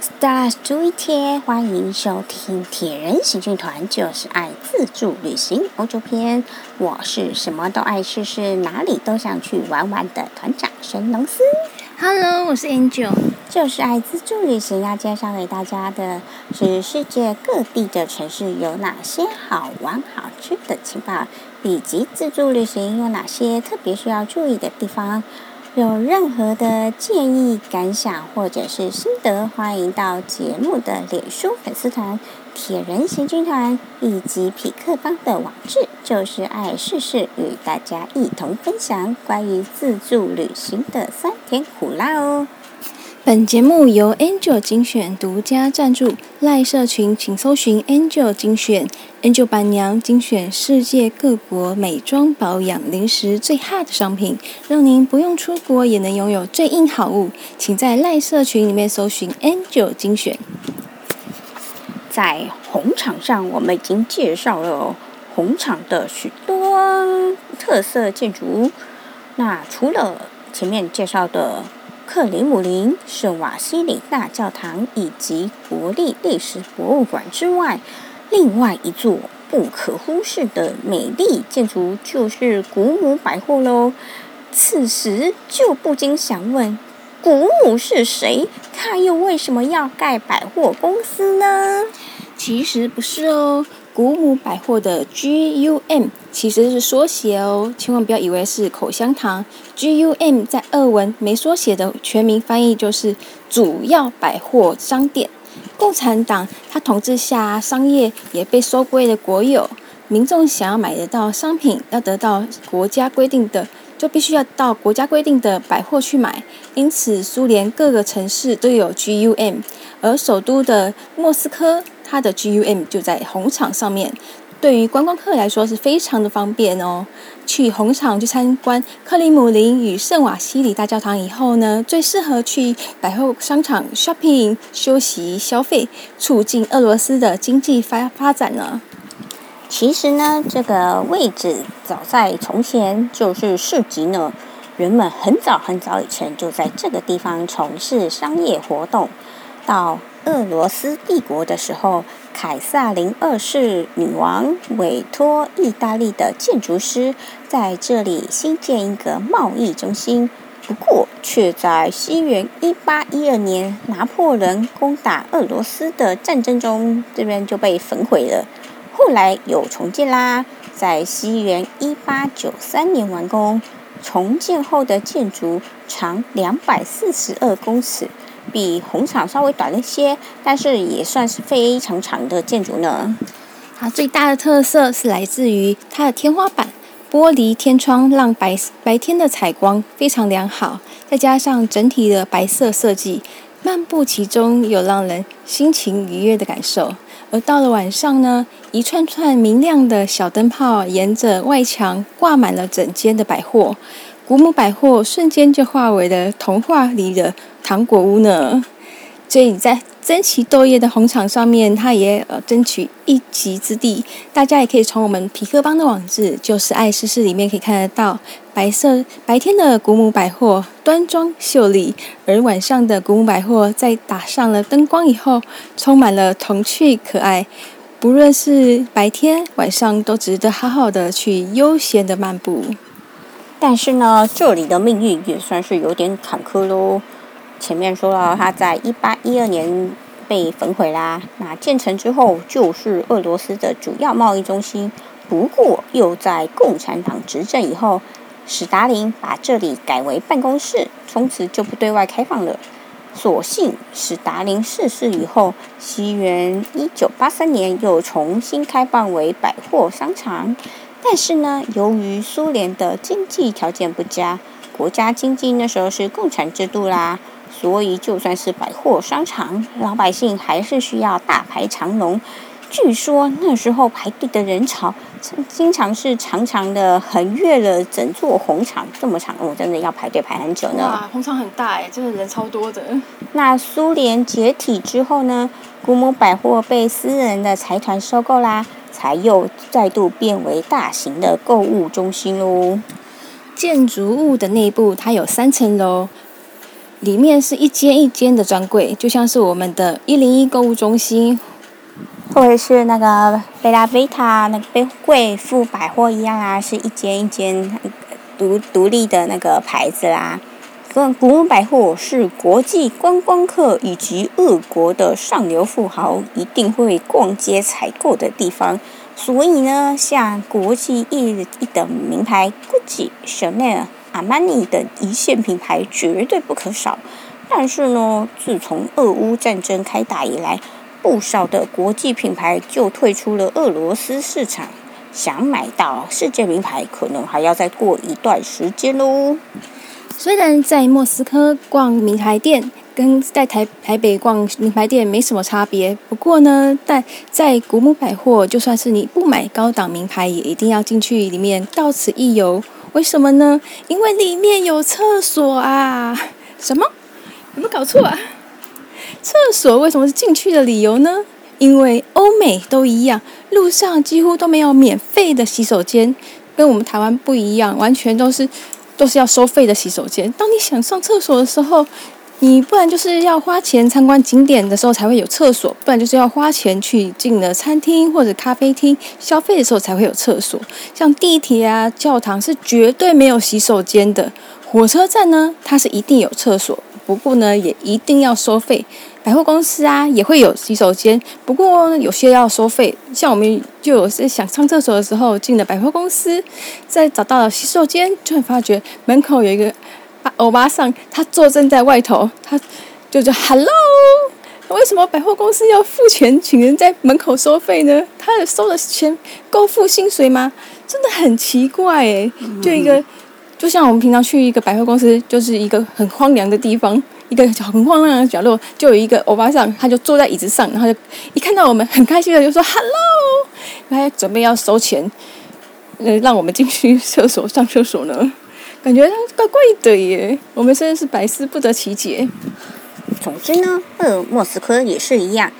Stars 注意聽，歡迎收聽《鐵人行軍團》，就是愛自助旅行歐洲篇。我是什麼都愛試試，哪裡都想去玩玩的團長神龍司。Hello，我是 Angel，就是愛自助旅行要介紹給大家的是世界各地的城市有哪些好玩好吃的情報，以及自助旅行有哪些特別需要注意的地方。有任何的建議、感想，或者是心得，歡迎到節目的臉書粉絲團“鐵人行軍團”以及匹克邦的網誌，就是愛試試，與大家一同分享關於自助旅行的酸甜苦辣哦。本節目由 Angel 精選獨家贊助，賴社群請搜尋 Angel 精選，Angel 板娘精選世界各國美妝、保養、零食最夯的商品，讓您不用出國也能擁有最硬好物，請在賴社群裡面搜尋 Angel 精選。在紅場上，我們已經介紹了紅場的許多特色建築，那除了前面介紹的。克里姆林、聖瓦西里大教堂以及國立歷史博物館之外，另外一座不可忽視的美麗建築就是古姆百貨嘍。此時就不禁想問：古姆是誰？他又為什麼要蓋百貨公司呢？其實不是哦。古姆百貨的 G U M 其實是縮寫哦，千萬不要以為是口香糖。G U M 在俄文沒縮寫的全名翻譯就是主要百貨商店。共產黨它統治下，商業也被收歸了國有，民眾想要買得到商品，要得到國家規定的，就必須要到國家規定的百貨去買。因此，蘇聯各個城市都有 G U M，而首都的莫斯科。它的 GUM 就在紅場上面，對於觀光客來說是非常的方便哦。去紅場去參觀克里姆林與聖瓦西里大教堂以後呢，最適合去百貨商場 shopping、休息、消費，促進俄羅斯的經濟發發展呢、啊。其實呢，這個位置早在從前就是市集呢，人們很早很早以前就在這個地方從事商業活動到。俄羅斯帝國的時候，凱薩琳二世女王委託意大利的建築師在這裡新建一個貿易中心。不過，卻在西元一八一二年拿破崙攻打俄羅斯的戰爭中，這邊就被焚毀了。後來又重建啦，在西元一八九三年完工。重建後的建築長兩百四十二公尺。比紅場稍微短了一些，但是也算是非常長的建築呢。它最大的特色是來自於它的天花板，玻璃天窗，讓白白天的採光非常良好，再加上整體的白色設計，漫步其中有讓人心情愉悅的感受。而到了晚上呢，一串串明亮的小燈泡沿着外牆掛滿了整間的百貨，古姆百貨瞬間就化為了童話裡的。糖果屋呢，所以你在爭奇鬥豔的紅場上面，它也呃爭取一席之地。大家也可以從我們皮克邦的網誌，就是愛試試裡面可以看得到，白色白天的古姆百貨端莊秀麗，而晚上的古姆百貨在打上了燈光以後，充滿了童趣可愛。不論是白天晚上都值得好好的去悠閒的漫步。但是呢，這裡的命運也算是有點坎坷嘍。前面說了，它在一八一二年被焚毀啦。那建成之後，就是俄羅斯的主要貿易中心。不過，又在共產黨執政以後，史達林把這裡改為辦公室，從此就不對外開放了。所幸，史達林逝世以後，西元一九八三年又重新開放為百貨商場。但是呢，由於蘇聯的經濟條件不佳，國家經濟那時候是共產制度啦。所以，就算是百貨商場，老百姓還是需要大排長龍。據說那時候排隊的人潮，經常是長長的，橫越了整座紅場，這麼長，我、哦、真的要排隊排很久呢。哇、啊，紅場很大哎，真、這、的、個、人超多的。那蘇聯解體之後呢，古姆百貨被私人的財團收購啦，才又再度變為大型的購物中心嘍。建築物的內部，它有三層樓。裡面是一間一間的專櫃，就像是我們的101購物中心，或者是那個貝拉貝塔那個貝貴婦百貨一樣啊，是一間一間獨獨立的那個牌子啦。古姆百貨是國際觀光客以及各國的上流富豪一定會逛街採購的地方，所以呢，像國際一一等名牌，Gucci 什麼？阿瑪尼等一線品牌絕對不可少，但是呢，自從俄烏戰爭開打以來，不少的國際品牌就退出了俄羅斯市場，想買到世界名牌，可能還要再過一段時間嘍。雖然在莫斯科逛名牌店跟在台台北逛名牌店沒什麼差別，不過呢，在在古姆百貨，就算是你不買高檔名牌，也一定要進去裡面到此一遊。為什麼呢？因為裡面有廁所啊！什麼？有沒有搞錯啊？廁所為什麼是進去的理由呢？因為歐美都一樣，路上幾乎都沒有免費的洗手間，跟我們台灣不一樣，完全都是都是要收費的洗手間。當你想上廁所的時候。你不然就是要花錢參觀景點的時候才會有廁所，不然就是要花錢去進了餐廳或者咖啡廳消費的時候才會有廁所。像地鐵啊、教堂是絕對沒有洗手間的，火車站呢，它是一定有廁所，不過呢也一定要收費。百貨公司啊也會有洗手間，不過有些要收費。像我們就有些想上廁所的時候進了百貨公司，再找到了洗手間，就會發覺門口有一個。歐巴桑，他坐鎮在外頭，他就說 “hello”。為什麼百貨公司要付錢請人在門口收費呢？他也收了錢夠付薪水嗎？真的很奇怪哎、欸。就一個、嗯，就像我們平常去一個百貨公司，就是一個很荒涼的地方，一個很荒涼的角落，就有一個歐巴桑，他就坐在椅子上，然後就一看到我們，很開心的就說 “hello”，來準備要收錢，呃，讓我們進去廁所上廁所呢。感覺怪怪的耶，我們真的是百思不得其解。總之呢、呃，莫斯科也是一樣，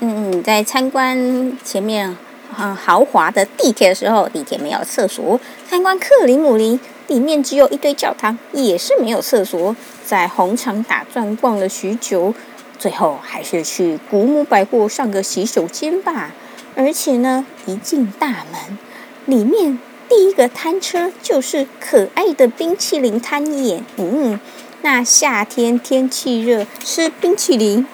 嗯，在參觀前面很、呃、豪華的地鐵的時候，地鐵沒有廁所；參觀克里姆林，裡面只有一堆教堂，也是沒有廁所。在紅場打轉逛了許久，最後還是去古姆百貨上個洗手間吧。而且呢，一進大門，裡面。第一個攤車就是可愛的冰淇淋攤耶。嗯，那夏天天氣熱，吃冰淇淋，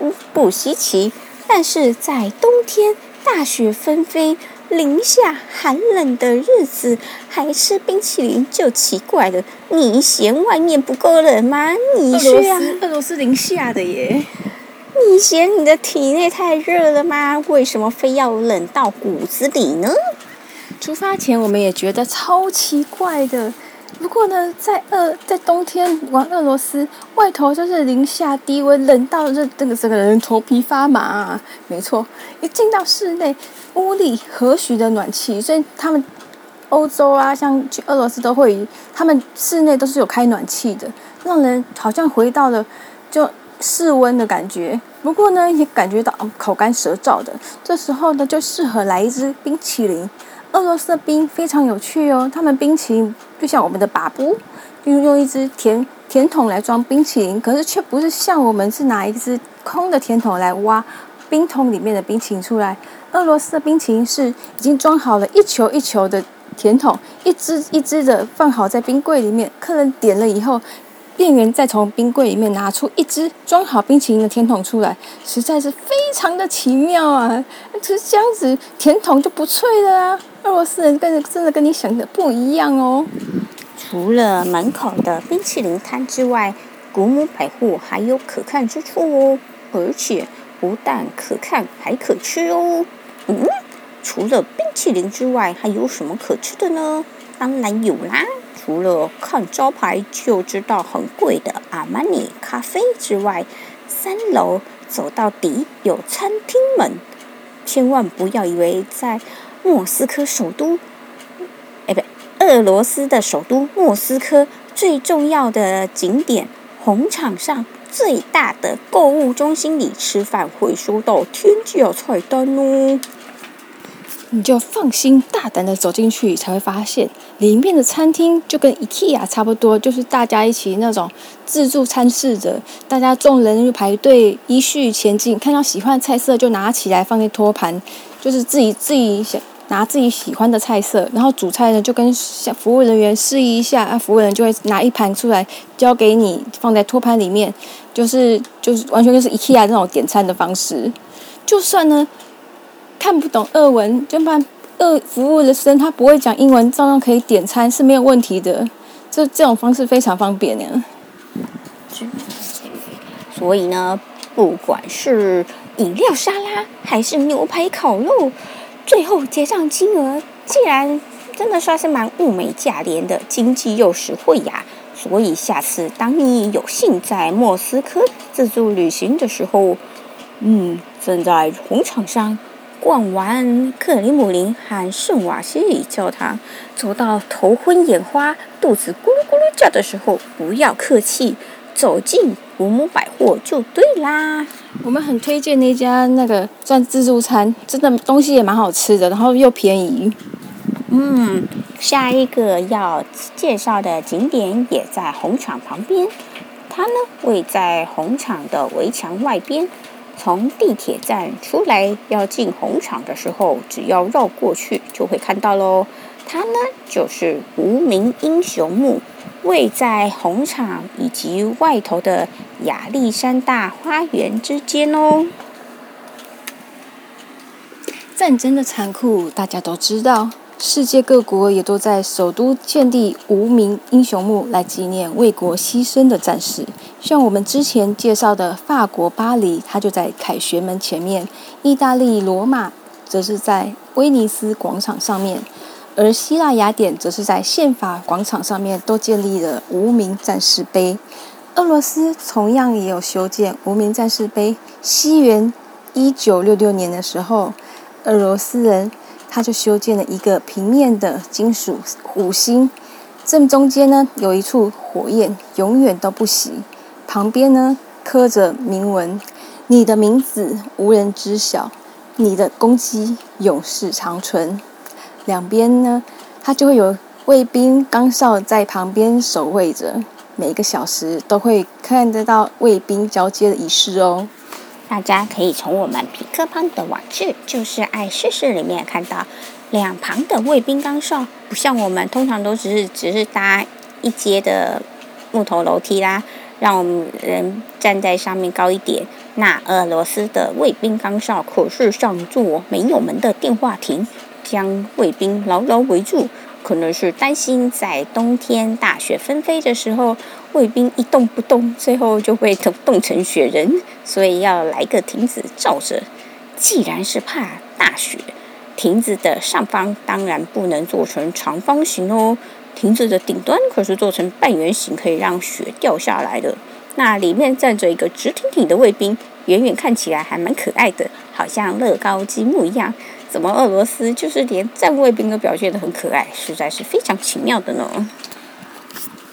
嗯，不稀奇。但是在冬天大雪紛飛、零下寒冷的日子，還吃冰淇淋就奇怪了。你嫌外面不夠冷嗎？你說呀，俄羅斯，俄羅斯零下的耶。你嫌你的體內太熱了嗎？為什麼非要冷到骨子裡呢？出發前我們也覺得超奇怪的，不過呢，在二，在冬天玩俄羅斯，外頭就是零下低溫，冷到這這個整個人頭皮發麻。沒錯，一進到室內，屋裡何許的暖氣，所以他們歐洲啊，像去俄羅斯都會，他們室內都是有開暖氣的，讓人好像回到了就室溫的感覺。不過呢，也感覺到、哦、口乾舌燥的，這時候呢就適合來一支冰淇淋。俄羅斯的冰非常有趣哦，他們冰淇淋就像我們的拔布，用用一只甜甜筒來裝冰淇淋，可是卻不是像我們是拿一只空的甜筒來挖冰桶裡面的冰淇淋出來。俄羅斯的冰淇淋是已經裝好了一球一球的甜筒，一支一支的放好在冰櫃裡面。客人點了以後，店員再從冰櫃裡面拿出一支裝好冰淇淋的甜筒出來，實在是非常的奇妙啊！只是這樣子，甜筒就不脆了啦、啊。俄羅斯人跟真的跟你想的不一樣哦。除了門口的冰淇淋攤之外，古姆百貨還有可看之處哦。而且不但可看，還可吃哦。嗯，除了冰淇淋之外，還有什麼可吃的呢？當然有啦。除了看招牌就知道很貴的阿瑪尼咖啡之外，三樓走到底有餐廳門，千萬不要以為在。莫斯科首都，誒，不對，俄羅斯的首都莫斯科最重要的景點，紅場上最大的購物中心裡吃飯會收到天價菜單哦，你就放心大膽的走進去，才會發現裡面的餐廳就跟 IKEA 差不多，就是大家一起那種自助餐式的，大家眾人就排隊依序前進，看到喜歡的菜色就拿起來放進托盤，就是自己自己想。拿自己喜歡的菜色，然後主菜呢，就跟服務人員示意一下，啊，服務人員就會拿一盤出來交給你，放在托盤裡面，就是就是完全就是 IKEA 那種點餐的方式。就算呢看不懂俄文，就辦俄服務的生他不會講英文，照樣可以點餐是沒有問題的。這這種方式非常方便呢。所以呢，不管是飲料沙拉還是牛排烤肉。最後結賬金額竟然真的算是蠻物美價廉的，經濟又實惠呀、啊！所以下次當你有幸在莫斯科自助旅行的時候，嗯，正在紅場上逛完克里姆林和聖瓦西里教堂，走到頭昏眼花、肚子咕嚕咕嚕叫的時候，不要客氣，走進。古姆百貨就對啦，我們很推薦那家那個算自助餐，真的東西也蠻好吃的，然後又便宜。嗯，下一個要介紹的景點也在紅場旁邊，它呢位在紅場的圍牆外邊。從地鐵站出來要進紅場的時候，只要繞過去就會看到嘍。它呢就是無名英雄墓。位在紅場以及外頭的亞歷山大花園之間哦。戰爭的殘酷，大家都知道，世界各國也都在首都建立無名英雄墓來紀念為國犧牲的戰士。像我們之前介紹的法國巴黎，它就在凱旋門前面；意大利羅馬，則是在威尼斯廣場上面。而希臘雅典則是在憲法廣場上面都建立了無名戰士碑，俄羅斯同樣也有修建無名戰士碑。西元一九六六年的時候，俄羅斯人他就修建了一個平面的金屬五星，正中間呢有一處火焰，永遠都不熄。旁邊呢刻着銘文：“你的名字無人知曉，你的功績永世長存。”兩邊呢，它就會有衛兵崗哨在旁邊守衛着，每一個小時都會看得到衛兵交接的儀式哦。大家可以從我們皮克邦的網址，就是愛試試裡面看到兩旁的衛兵崗哨，不像我們通常都只是只是搭一階的木頭樓梯啦，讓我們人站在上面高一點。那俄羅斯的衛兵崗哨可是上座沒有門的電話亭，將衛兵牢牢圍住，可能是擔心在冬天大雪紛飛的時候，衛兵一動不動，最後就會凍成雪人，所以要來個亭子罩着。既然是怕大雪，亭子的上方當然不能做成長方形哦，亭子的頂端可是做成半圓形，可以讓雪掉下來的。那裡面站着一個直挺挺的衛兵。遠遠看起來還蠻可愛的，好像樂高積木一樣。怎麼俄羅斯就是連站衛兵都表現得很可愛，實在是非常奇妙的呢？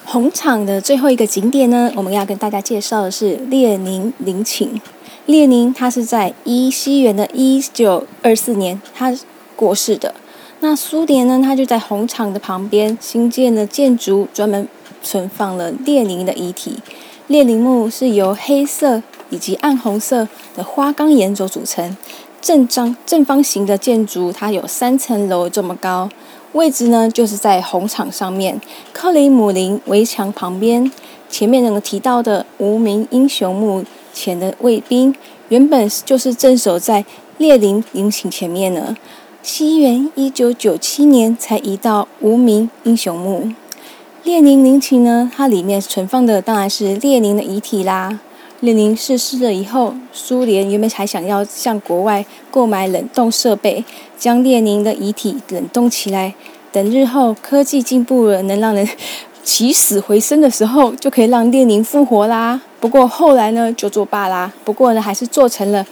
紅場的最後一個景點呢，我們要跟大家介紹的是列寧陵寢寢。列寧他是在一西元的一九二四年他過世的。那蘇聯呢，他就在紅場的旁邊新建了建築，專門存放了列寧的遺體。列寧墓是由黑色。以及暗紅色的花崗岩所組成，正方正方形的建築，它有三層樓這麼高。位置呢，就是在紅場上面，克里姆林圍牆旁邊。前面那個提到的無名英雄墓前的衛兵，原本就是鎮守在列寧陵寢前面呢。西元一九九七年才移到無名英雄墓。列寧陵寢呢，它裡面存放的當然是列寧的遺體啦。列寧逝世，世了以後，蘇聯原本還想要向國外購買冷凍設備，將列寧的遺體冷凍起來，等日後科技進步了，能讓人起死回生的時候，就可以讓列寧復活啦。不過後來呢，就作罷啦。不過呢，還是做成了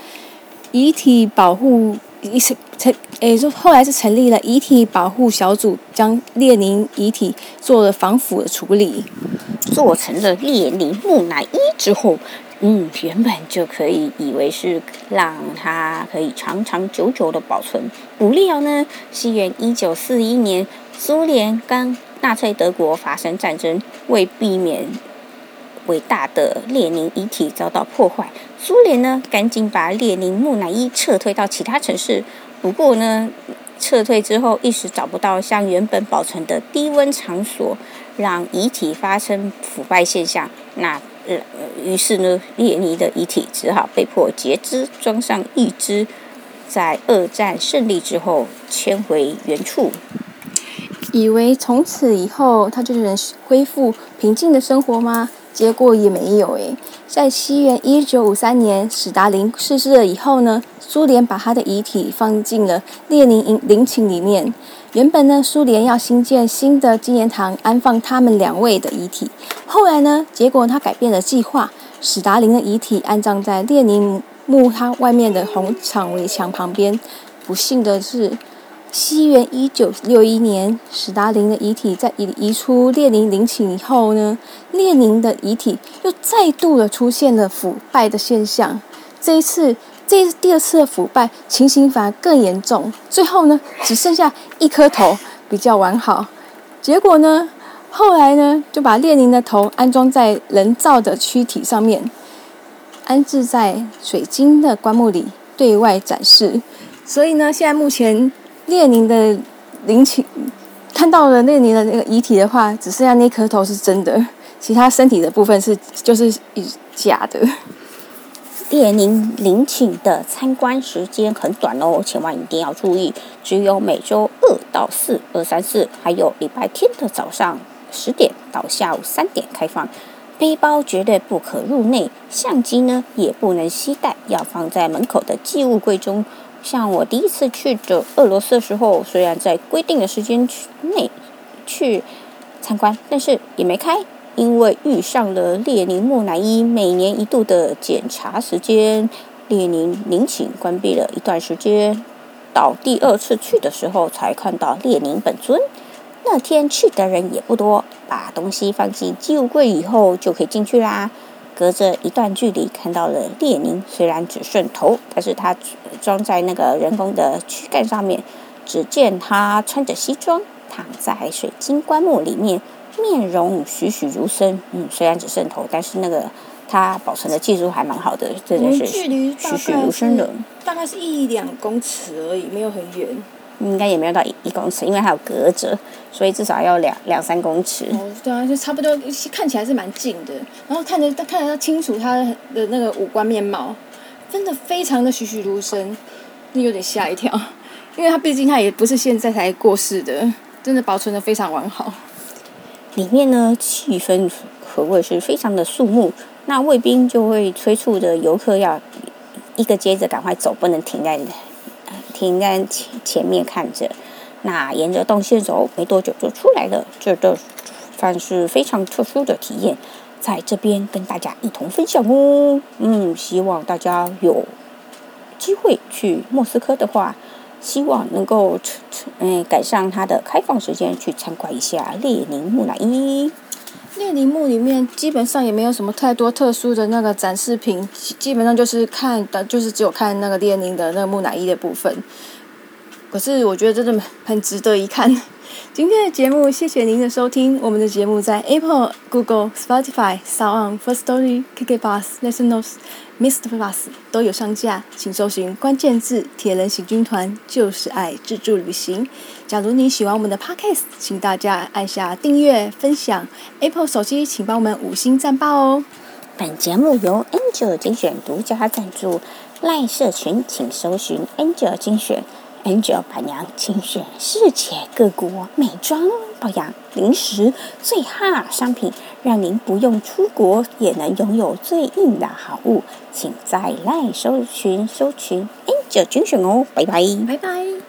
遺體保護，是成，誒，就後來是成立了遺體保護小組，將列寧遺體做了防腐的處理，做成了列寧木乃伊之後。嗯，原本就可以以為是讓它可以長長久久的保存，不料呢，西元一九四一年，蘇聯跟納粹德國發生戰爭，為避免偉大的列寧遺體遭到破壞，蘇聯呢趕緊把列寧木乃伊撤退到其他城市。不過呢，撤退之後一時找不到像原本保存的低溫場所，讓遺體發生腐敗現象。那。呃、於是呢，列寧的遺體只好被迫截肢，裝上義肢，在二戰勝利之後遷回原處。以為從此以後他就能恢復平靜的生活嗎？結果也沒有誒。在西元一九五三年，史達林逝世了以後呢，蘇聯把他的遺體放進了列寧陵陵寢裡面。原本呢，蘇聯要興建新的紀念堂，安放他們兩位的遺體。後來呢，結果他改變了計劃，史達林的遺體安葬在列寧墓他外面的紅場圍牆旁邊。不幸的是，西元一九六一年，史達林的遺體在移移出列寧陵寢以後呢，列寧的遺體又再度的出現了腐敗的現象。這一次。這第二次的腐敗情形反而更嚴重，最後呢，只剩下一顆頭比較完好。結果呢，後來呢，就把列寧的頭安裝在人造的軀體上面，安置在水晶的棺木裡，對外展示。所以呢，現在目前列寧的陵寢看到了列寧的那個遺體的話，只剩下那顆頭是真的，其他身體的部分是就是假的。列寧陵寢的參觀時間很短哦，千萬一定要注意，只有每周二到四、二三四，還有禮拜天的早上十點到下午三點開放。背包絕對不可入內，相機呢也不能攜帶，要放在門口的寄物櫃中。像我第一次去的俄羅斯的時候，雖然在規定的時間內去參觀，但是也沒開。因為遇上了列寧木乃伊每年一度的檢查時間，列寧陵寢關閉了一段時間。到第二次去的時候，才看到列寧本尊。那天去的人也不多，把東西放進置物櫃以後就可以進去啦。隔着一段距離看到了列寧，雖然只剩頭，但是他裝在那個人工的軀幹上面。只見他穿着西裝，躺在水晶棺木裡面。面容栩栩如生，嗯，雖然只剩頭，但是那個他保存的技術還蠻好的，真、嗯、的是。距離栩栩如生的，大概是一兩公尺而已，沒有很遠。應該也沒有到一,一公尺，因為還有隔着，所以至少要兩兩三公尺。哦，對啊，就差不多，看起來是蠻近的。然後看得他，看着他清楚他的那個五官面貌，真的非常的栩栩如生，那、嗯、有點嚇一跳。因為他畢竟他也不是現在才過世的，真的保存的非常完好。裡面呢，氣氛可謂是非常的肅穆。那衛兵就會催促着游客要一個接着趕快走，不能停在、呃、停在前前面看着。那沿着動線走，沒多久就出來了，這都、個、算是非常特殊的體驗。在這邊跟大家一同分享哦。嗯，希望大家有機會去莫斯科的話。希望能夠，嗯、呃，改善它的開放時間，去參觀一下列寧木乃伊。列寧墓裡面基本上也沒有什麼太多特殊的那個展示品，基本上就是看的，就是只有看那個列寧的那個木乃伊的部分。可是我覺得真的很值得一看。今天的節目，謝謝您的收聽。我們的節目在 Apple、Google、Spotify、SoundOn、First Story、KKBox Listen Notes、Mr. Bus 都有上架，請搜尋關鍵字“鐵人行軍團”，就是愛自助旅行。假如你喜歡我們的 Podcast，請大家按下訂閱、分享。Apple 手機，請幫我們五星讚爆哦！本節目由 Angel 精選獨家贊助，Line 社群，請搜尋 Angel 精選。Angel 板娘，精選，世界各國美妝保養、零食最哈商品，讓您不用出國也能擁有最硬的好物，請在 line 搜尋搜尋 Angel 精選哦！拜拜拜拜。